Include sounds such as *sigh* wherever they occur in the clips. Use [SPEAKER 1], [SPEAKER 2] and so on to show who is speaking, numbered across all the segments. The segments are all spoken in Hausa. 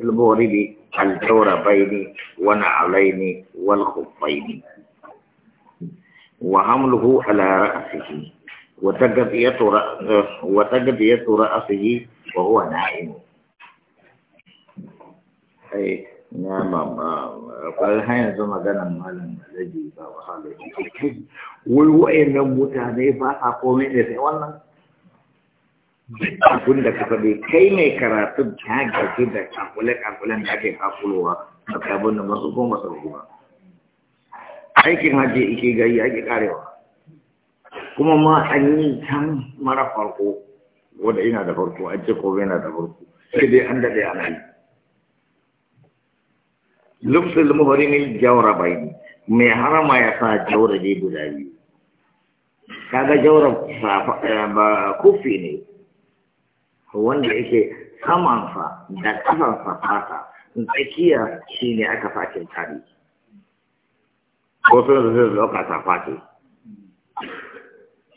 [SPEAKER 1] المغرب الجوربين ونعلين والخفين وحمله على رأسه وتقضية وتقضية رأسه وهو نائم أي نعم قال هاي زما دنا مالن الذي بقى وحاله وين متاني فاقومين في wannan duk da ka faɗi kai mai karatu ta gaji da kakule-kakulen da ake kakulowa da kabin da masu goma sarku ba aikin hajji ike gari ake karewa kuma ma an yi can mara farko wanda ina da farko an ce kowa yana da farko sai dai an daɗe ana yi lufsul muhrimin jawra bayni mai harama ya sa jawra dai guda biyu kaga jawra ba kufi ne wanda yake samansa da ƙasansa fata tsakiya shi ne aka fakin tari ko sun zai zauka ta fashe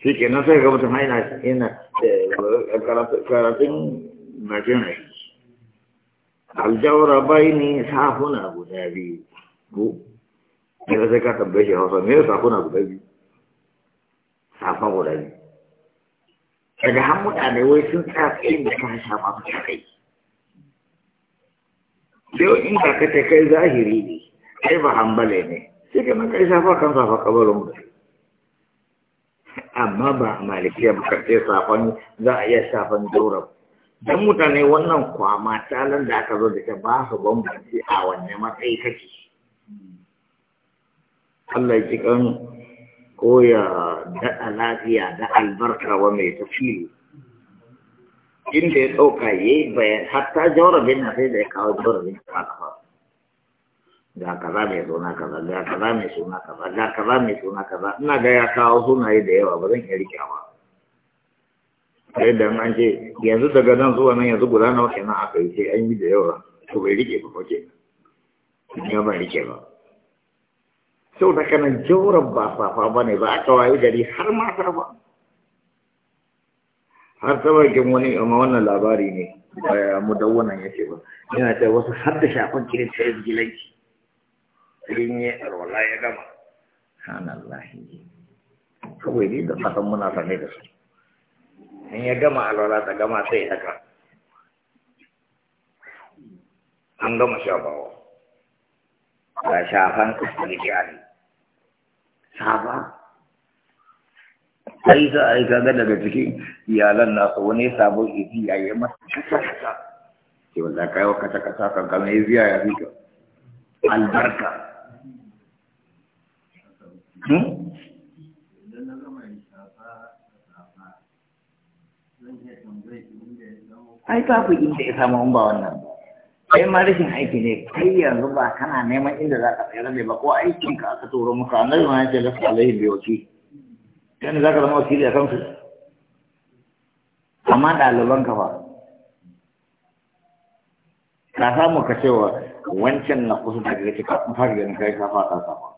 [SPEAKER 1] shi ke nan sai ga mutum haina yana eh, karatun bakin rai aljawara bai ne safuna guda biyu ko ne sai ka tambaye shi hausa me safuna guda biyu safa guda biyu daga han mutane wai sun tsaya tsayin da ka shafa masu kai yau in ba ka ta kai zahiri ne ai ba hambale ne sai ka maka shafa kan shafa kabarin mu amma ba malikiya ba karfe safon za a iya safon dauran dan mutane wannan kwama talan da aka zo da ta ba su bambanci a wanne matsayi kake Allah ya ji kan ko ya daɗa lafiya da albarka wa mai tafili inda ya ɗauka ya yi bayan hatta jawarabin na sai da ya kawo jawarabin ta kafa ga kaza mai na kaza ga kaza mai na kaza ga kaza mai na kaza ina ga ya kawo sunaye da yawa ba zan iya rike ba sai da an ce yanzu daga nan zuwa nan yanzu guda nawa kenan aka yi sai an yi da yawa to bai rike ba ko ke ya rike ba sau da kanan jauran ba safa ba ne ba a kawai gari har mata ba har sabakin wani amma wannan labari ne Ba mu da wannan yake ba yana ta wasu har da shafan kirin ta yi gilanci kirin ya alwala ya gama sanallahi kawai ne da fatan muna sane da su in ya gama alwala ta gama sai haka an gama shafawa ga shafan kusurki jihari saba sai za a yi kaga daga ciki iyalan nasu wani sabon izi ya yi masa kasa kasa ke wanda kai wa kasa kasa kan ya fi albarka hmm? ai inda ya samu ba wannan ba kai ma rashin aiki ne kai yanzu ba kana neman inda za ka tsayar ne ba ko aikin ka aka turo muka annabi ma yace lafa alaihi bi wakil yana za ka zama wakili a kansu amma ɗaliban ka ba ka samu ka cewa wancan na kusa da gaci kuma fara ganin kai ka fata safa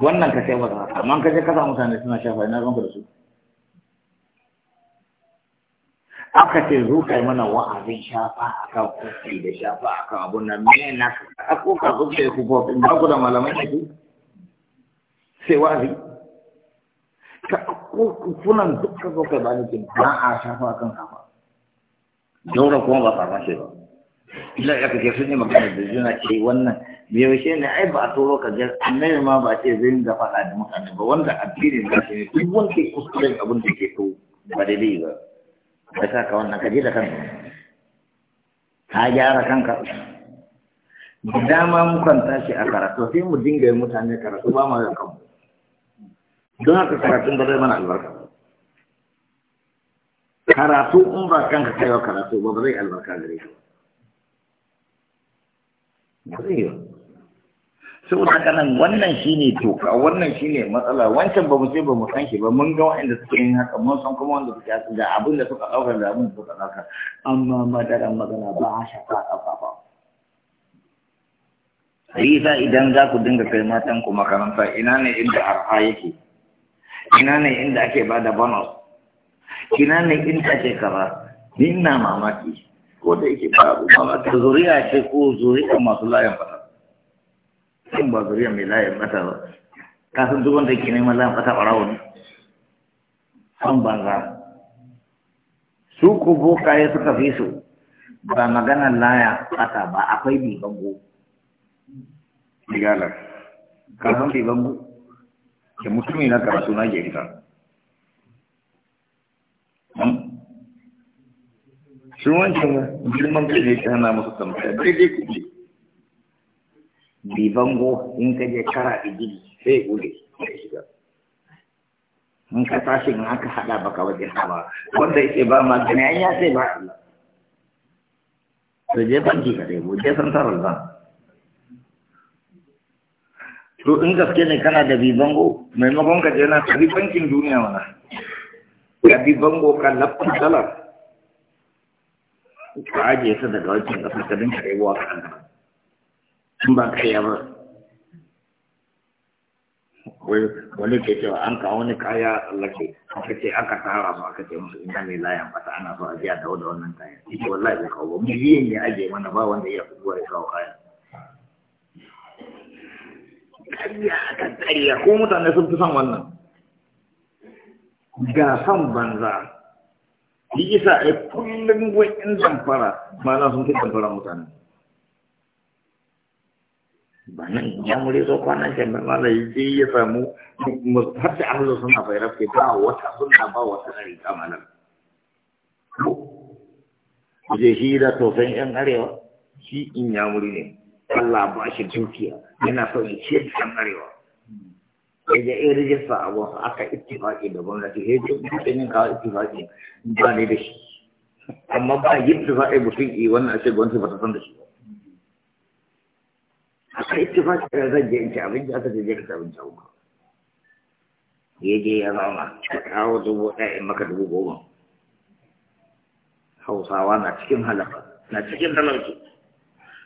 [SPEAKER 1] wannan ka ce ba ka amma ka je ka samu mutane suna shafa ina ranka da su aka ce zo kai mana wa'azin shafa a kan kofi da shafa a abun nan na ka na ka zo ku kofi ba ku da malamai ne ku sai wa'azi ka ko kunan duk ka zo kai ba ni ba a shafa akan kafa dora kuma ba fara shi ba ila ya kake sun yi magana da juna ce wannan me yaushe ne ai ba a turo ka ga annabi ma ba ce zai da faɗa da mutane ba wanda addinin da shi ne duk wanda kuskuren abin da ke to ba daidai ba da sa ka wannan kaji da kanka ka gyara kanka da mu kwanta shi a karatu sai mu dinga yi mutane karatu ba ma da kanmu don haka karatun da zai mana albarka karatu in ba kanka kaiwa karatu ba ba zai albarka gare ka ba zai yi sau da nan wannan shine toka wannan shine matsala wancan ba mu ce ba mu san shi ba mun ga wanda suke yin haka mun san kuma wanda suke haka da abin da suka daukar da abin da suka dauka amma madara magana ba a shafa kafa ba sai idan za ku dinga kai matan ku makaranta ina ne inda arha yake ina ne inda ake ba da bonus ina ne inda ake kara ni ina mamaki ko da yake ba mamaki zuriya ce ko zuriya masu layin fata in ba zuriya mai layin bata ba kasan duk wanda ke neman layin bata ɓarawo ne son banza su ku bokaye suka fi su ba maganar laya bata ba akwai bi bibango digalar kasan bango? ke mutumi na karatu na gerita hmm? shi wancan girman kai ne ta hana musu tambaya daidai kuɗi Bibango in ka je kara da gidi sai gode in ka tashi in aka hada baka wajen hawa wanda yake ba gani an ya sai ba Allah to je banki ka dai je san tarar ba to in gaske ne kana da bibango maimakon ka je na ka bi bankin duniya mana ka bibango ka lafi dalar ka ajiye ta daga wajen kasa ka dinka ka kan in ba kai ba wani ke cewa an kawo wani kaya lake aka ce aka tara su aka ce musu ina mai layan fata ana so a biya dawo da wannan kaya ita wallahi ba kawo ba miliyan ya ajiye mana ba wanda ya fi zuwa ya kawo kaya ƙarya aka ko mutane sun fi son wannan ga son banza yi isa a kullum wa'in zamfara ma sun fi zamfara mutane ba nan ya mure so kwanan shi mai mala yi ya samu har da ahlu suna bai rafe ba son suna ba wata na rika malam je shi da tofen yan arewa shi in ya muri ne Allah ba shi dukiya yana so ya ce ya je in rijista abu aka ittifaki da gwamnati ya je mutanen kawo ittifaki ba ne amma ba yi ittifaki mutum yi wannan a ce gwamnati ba ta san da shi ba aka ittifaki da zan je in ci abinci aka je ka ci abinci ya je ya zama kawo dubu ɗaya in maka dubu goma hausawa na cikin halafa na cikin talauci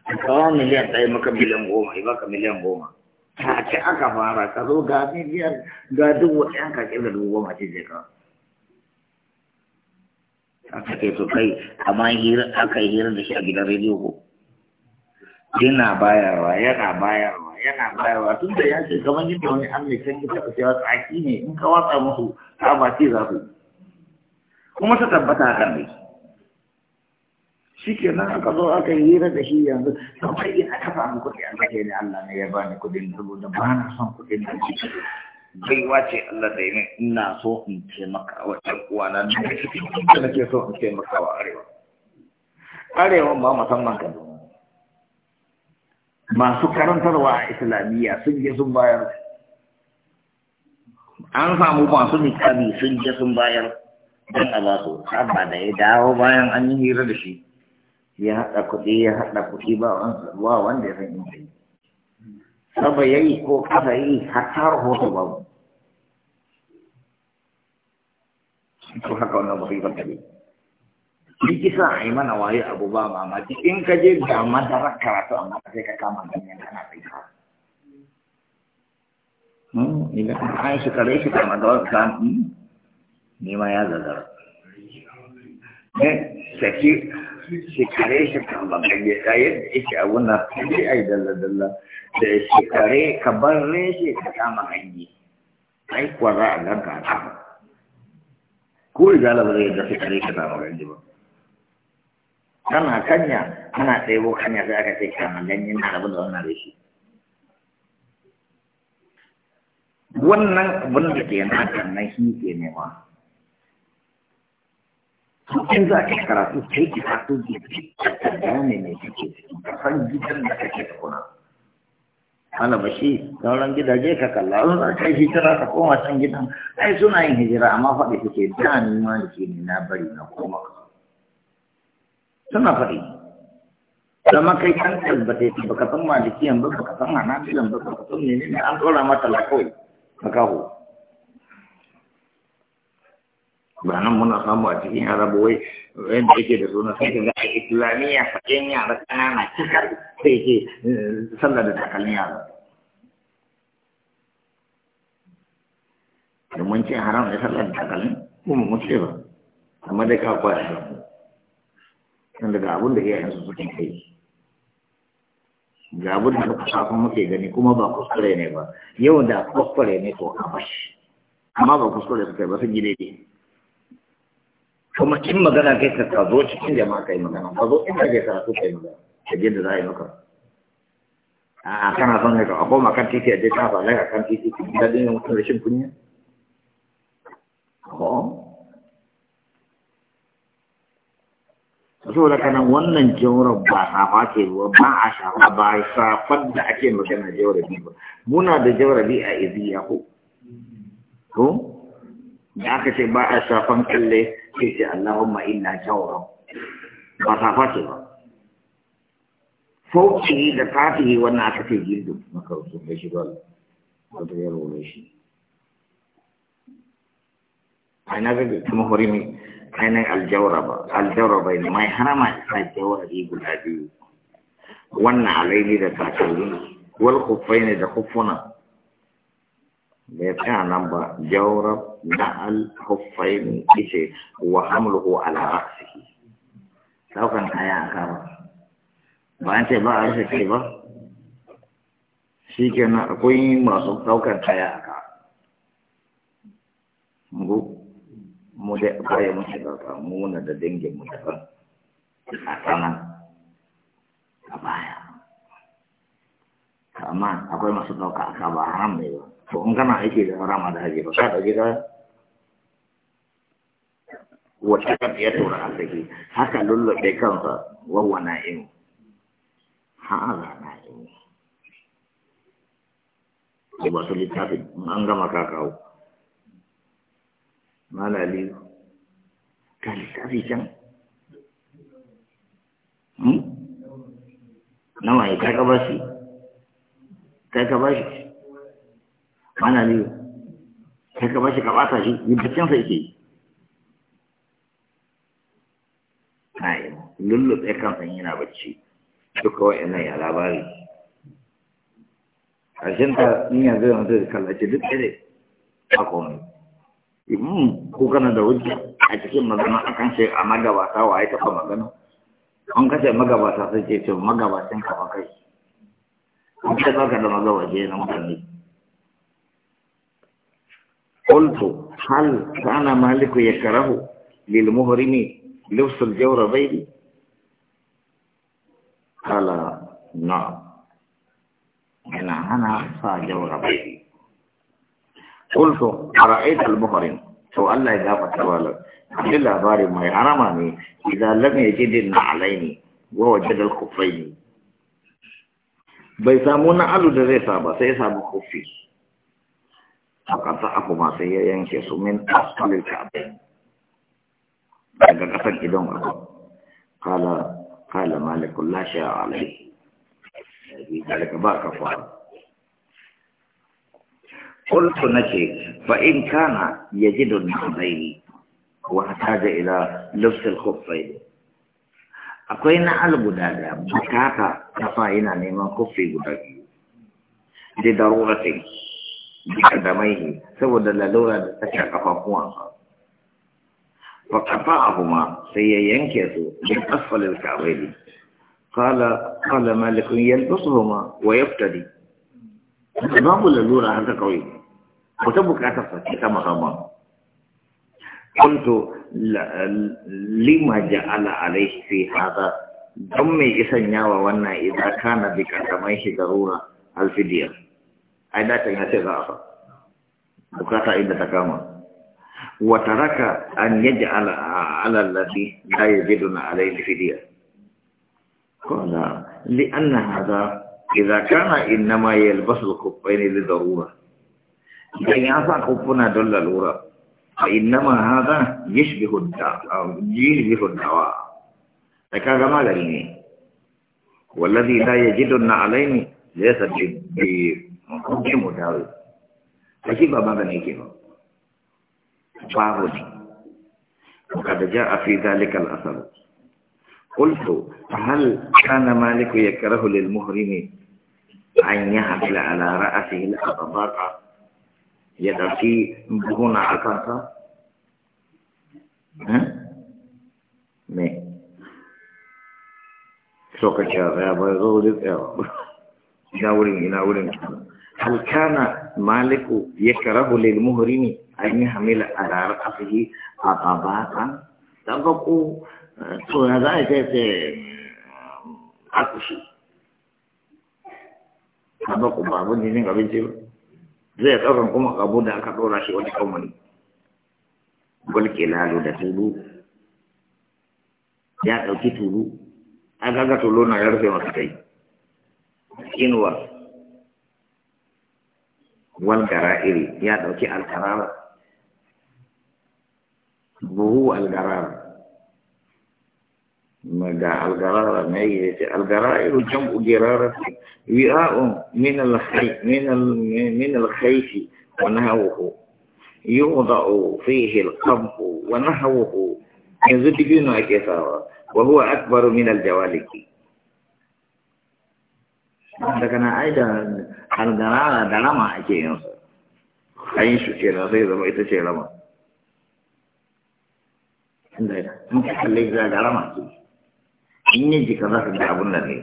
[SPEAKER 1] A kawo miliyan ɗaya maka miliyan goma ya maka miliyan goma ta ce aka fara ka zo ga miliyan ga dubu ɗaya ka ƙi da dubu goma ce je kawo aka ce to kai amma hira aka yi hira da shi a gidan rediyo ko yana bayarwa yana bayarwa yana bayarwa tun da ya ce kamar da wani amurka can ta taɓa tsaki ne in ka watsa musu ta ba ce za su yi kuma ta tabbata a kan dai shi ke nan aka zo aka yi hira da shi yanzu kamar kai ina kafa an kuɗi an kashe ni Allah ne ya bani kuɗin saboda ba na son kuɗin nan. shi bai ce Allah da yi ina so in taimaka wa ɗan uwana da ke so in taimaka wa arewa arewa ba musamman Kaduna masu karantarwa a islamiyya sun je sun bayar an samu masu nikabi sun je sun bayar don a ba su abba da ya dawo bayan an yi hira da shi ya haɗa kuɗi ya haɗa kuɗi ba wanda ya san inda yi saba ya yi ko kasa yi har hatta hoto babu ko haka wannan musibar da ne shi kisa a yi mana waye abu ba mamaki in ka je ga madarar karatu amma sai ka kana ka hmm, kama da wani ne hmm, eh, saki kama na sai a dalla-dalla kama ai a ganka a da zai kama ba kana kanya ana ɗebo kanya sai aka ce kana ganyen na rabu da wannan rashi wannan abin da ke na kanna shi ke nema cikin za ka karatu sai ki karatu ki ka gane ne kake ciki ka san gidan da kake kuna ana ba shi sauran gidaje ka kalla in za ka yi hijira ka koma can gidan ai suna yin hijira amma faɗi suke da ni ma da ke na bari na koma ka suna faɗi zama kai kan tabbata ba ka san malikiyan ba ka san hanafilan ba ka san menene an tsora mata la kawai ka kawo ba nan muna samu a cikin arabawai yadda yake da suna sai ka ga a islamiyya faɗin yara ƙanana cikar sai ke sallar da takalin yara da mun ce haram da sallar da takalin kuma mun ce amma dai ka kwaya da mu tunda ga abin da iyayensu suke kai ga abin da muka safa muke gani kuma ba kuskure ne ba yau da kuskure ne to a bashi amma ba kuskure suka yi ba sun gine daidai kuma in magana kai ka ka zo cikin jama'a kai magana ka zo inda kai karatu kai magana ka gina da za a yi maka a kana son ne ka koma kan titi a je ta ba lai a kan titi da dinga mutum rashin kunya saboda kanan wannan jawar ba safa ke ruwa ba a shafa ba safar da ake magana jawar bi ba muna da jawar bi a ya ko ko da aka ce ba a safan kalle ke ce Allahumma inna jawar ba safa ce ba fauci da kafihi wannan aka ce gildu makarusun bai shiga wata yaro ne shi a ina zai kuma hori mai ainihin aljauraba aljauraba ne mai harama isa jawari guda biyu wannan alaini da takalmi wal kufai ne da kufuna da ya tsaya nan ba jaurab na al kufai ne ishe wa hamluhu ala ra'sihi daukan kaya a kawo ba an ce ba a rufe kai ba shi kenan akwai masu saukan kaya a kawo mu dai akwai mu shiga ka muna da dangin mu daban a kanan a baya amma akwai masu ɗauka aka ba haram ne ba to in kana aiki da haram da haji ba ka ɗauki ka wata kan iya tura arziki haka lullube kansa wawa na'im ha'ala an gama kakawo Mana malali ga littafi can hmm? Nama ya kaka ba shi kaka ba shi malali kaka ba shi ka bata shi yi baccinsa yake yi ai lullube kansan yana bacci duka wa'annan ya labari ƙarshen ta in yanzu zo da kallaci duk ɗaya a komai Hmm, ko kana da hujja a cikin magana akan sai a magabata wa ya taɓa magana an kace magabata sai ce ce magabacin kafa kai an ce baka da magabace na mutane qultu hal kana maliku yakrahu lil muhrimi لبس الجوربين قال نعم أنا أنا صار جوربين قلت رأيت البخاري سؤال لا إضافة سؤال لله باري ما يعرماني إذا لم يجد النعلين ووجد الخفين بيسامونا ألو دري سابا سيساب خفي فقط أكو ما سيا ينكس من أصل الكعبين أجا قفل إدوم أكو قال قال مالك الله شاء عليه ذلك باك فارغ قلت نجي فإن كان يجد المعضين واحتاج إلى لبس الخفين أكوين على بدادة مكاتا كفاينا نيمان خفي بدادة دي ضرورة بقدميه سوى دلالورة تشع قفاقوانا فقطعهما سيين كيسو من أسفل الكعبين قال قال مالك يلبسهما ويبتدي ما هو اللورة هذا قوي wata bukatar sa ce ta musamman kuntu lima ja'ala alaihi fi hada don me isan yawa wannan idan kana bi kaddamai shi garura alfidiya ai da ta yace za a bukata inda ta kama wa taraka an yaj'ala ala alladhi la yajiduna alaihi fidiya qala li anna hada idza kana inma yalbasu al-khuffayn li darura يعني أصلاً كوبنا دولا لورا فإنما هذا يشبه الدعاء أو يشبه الدعاء لكن كما قالني والذي لا يجدن علينا ليس بمحكم مداوي لكن ما ماذا نجيبه؟ فاهمني وقد جاء في ذلك الأثر قلت فهل كان مالك يكره للمهرم أن يحمل على رأسه الأطباق ya ɗauki buhuna a kansa? Me? So ka ce ya zo wurin tsayawa. Ina wurin, ina wurin. Halkana Maliku ya karahu lil an yi hamila a rarar asihi a babatan. Dan ga ku, ya za a ce ce ba ku babu jinin abinci ba. zai ɗaukan kuma abu da aka ɗora shi wani kan wani bulke lalo da tulu ya ɗauki tulu an kaga tulu na ya rufe masu kai inuwa wal iri ya ɗauki alkarara buhu algarara. مدى الجرارة ما هي الجرائر جمع جرارة وعاء من الخي من من الخيف ونهوه يوضع فيه القمح ونحوه يزدجون أكثر وهو أكبر من الجوالك هذا كان أيضا الجرارة دلما أكيد أين شو كذا غير ما يتشيل لما عندنا ممكن خليك ذا دلما أكيد ini yi jika za su ga abin da ne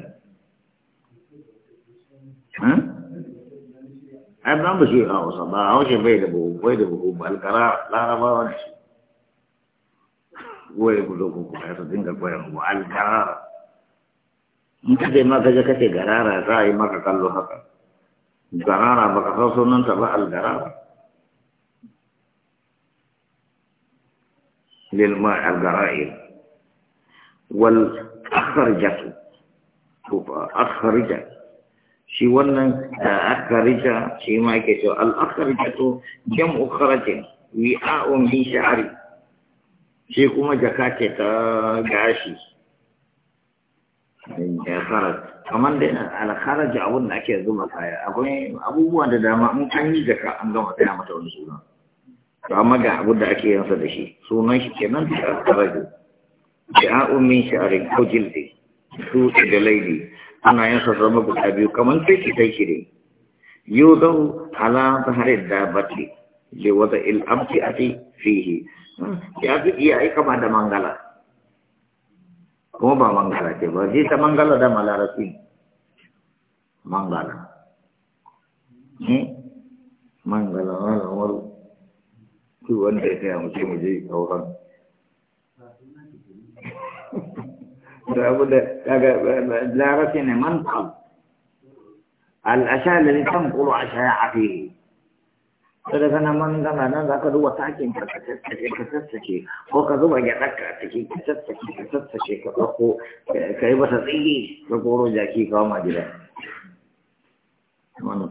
[SPEAKER 1] ai ba mu shi a hausa ba a hausa bai da buhu bai da buhu ba alkara larabawa ne shi goye ku zo ku kuka su dinga koyan ku alkara in ka je maka je kace garara za a yi maka kallo haka garara baka san sunanta ba algarara للماء الجرائر akharjatu to akharja shi wannan akharja shi ma yake cewa al akharjatu jam'u kharajin wi'a'un min sha'ri shi kuma jaka ce ta gashi ya kharaj kamar da al kharaj abun da ake zuma kaya akwai abubuwa da dama in kan yi jaka an gama tsaya mata wani suna to amma ga abun da ake yansa da shi sunan shi kenan da kharaj da'a'un min sha'arin ko jildi su da laidi ana yin zama guda biyu kamar sai sai shiri yau zau ala zaharin dabati da wata il'amci a fihi ya fi iya yi kama da mangala kuma ba mangala ce ba zai ta mangala da malarasi mangala hmm? mangala wani wani wanda ya taya mutum je a wurin da abu da daga larabci ne manqal al'asha lalli tanqulu daga man gana nan za ka takin ka ka sassake ko ka zuba gyaɗar ka a ciki ka sassake ka sassake ka ɗauko ka yi masa ka koro jaki ka ma gida hmm?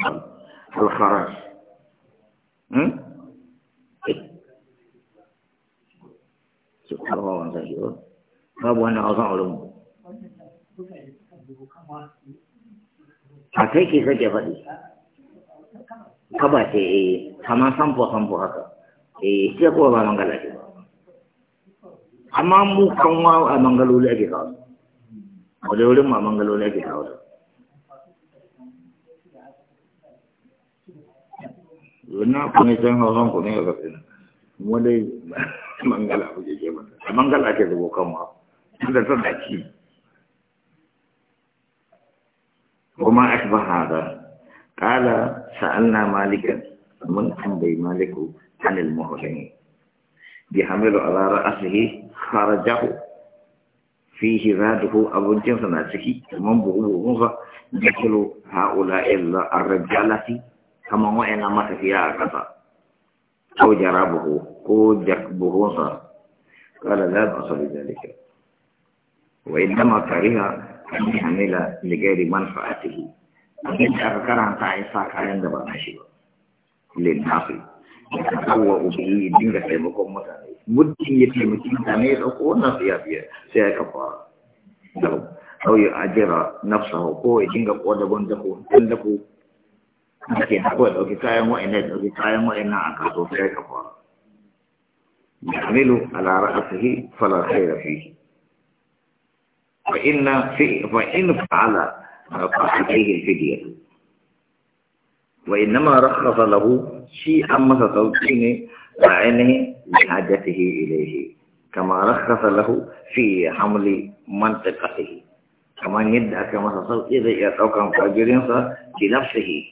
[SPEAKER 1] oh. babu wannan a kai ke kake faɗi kaba ce eh kama sampo sampo haka eh sai kuwa ba mangala ce amma mu kan wa a mangaloli ake kawo a wajen wurin ma mangaloli ake kawo na kuma san hausan kuma ya zafi mu dai *laughs* mangala kuke ke mata mangala ake zubo kan wa da ta dace وما أشبه هذا قال سألنا مالكا من عندي مالك عن المهرم بحمل على رأسه خرجه فيه ذاته أبو الجنس ناسكي من بغوه مثل هؤلاء الرجالة كما هو إن مات فيها كذا أو جرابه أو جكبه قال لا بأس بذلك وإنما كره an yamila ligari manfa'atihi abin da aka karanta a isa kayan da ba na shi ba littafi ya kawo ubi dinga taimakon mutane muddin ya taimaki mutane ya ɗauko wannan biyar sai ya kafa أو يؤجر نفسه كو يجنغ قوة دبون دكو تندكو لكن أقول لو كفاية مؤنة لو كفاية مؤنة أكاسو فيها كفارة يحمل على رأسه فلا خير فيه فإن في فإن فعل فعليه الفدية وإنما رخص له شيئا أما تلقين عينه لحاجته إليه كما رخص له في حمل منطقته كما يدعى كما تلقي إذا يتوقع في نفسه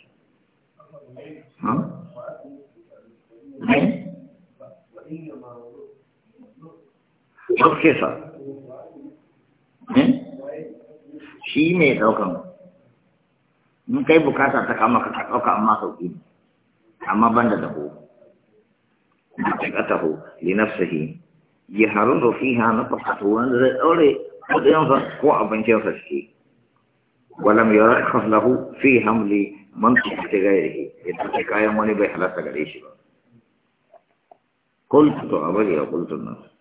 [SPEAKER 1] ها؟ رخص shi ne ɗaukan in kai bukata ta kama ka ɗauka amma sauƙi ne amma ban da dabo haƙiƙatahu li nafsihi ya harundu fiha na fasatu wanda zai ɗaure kuɗinsa ko abincinsa shi ولم يرخص له في حمل منطقة غيره إذا كان وني بحلقة غريش قلت أبدا kultu الناس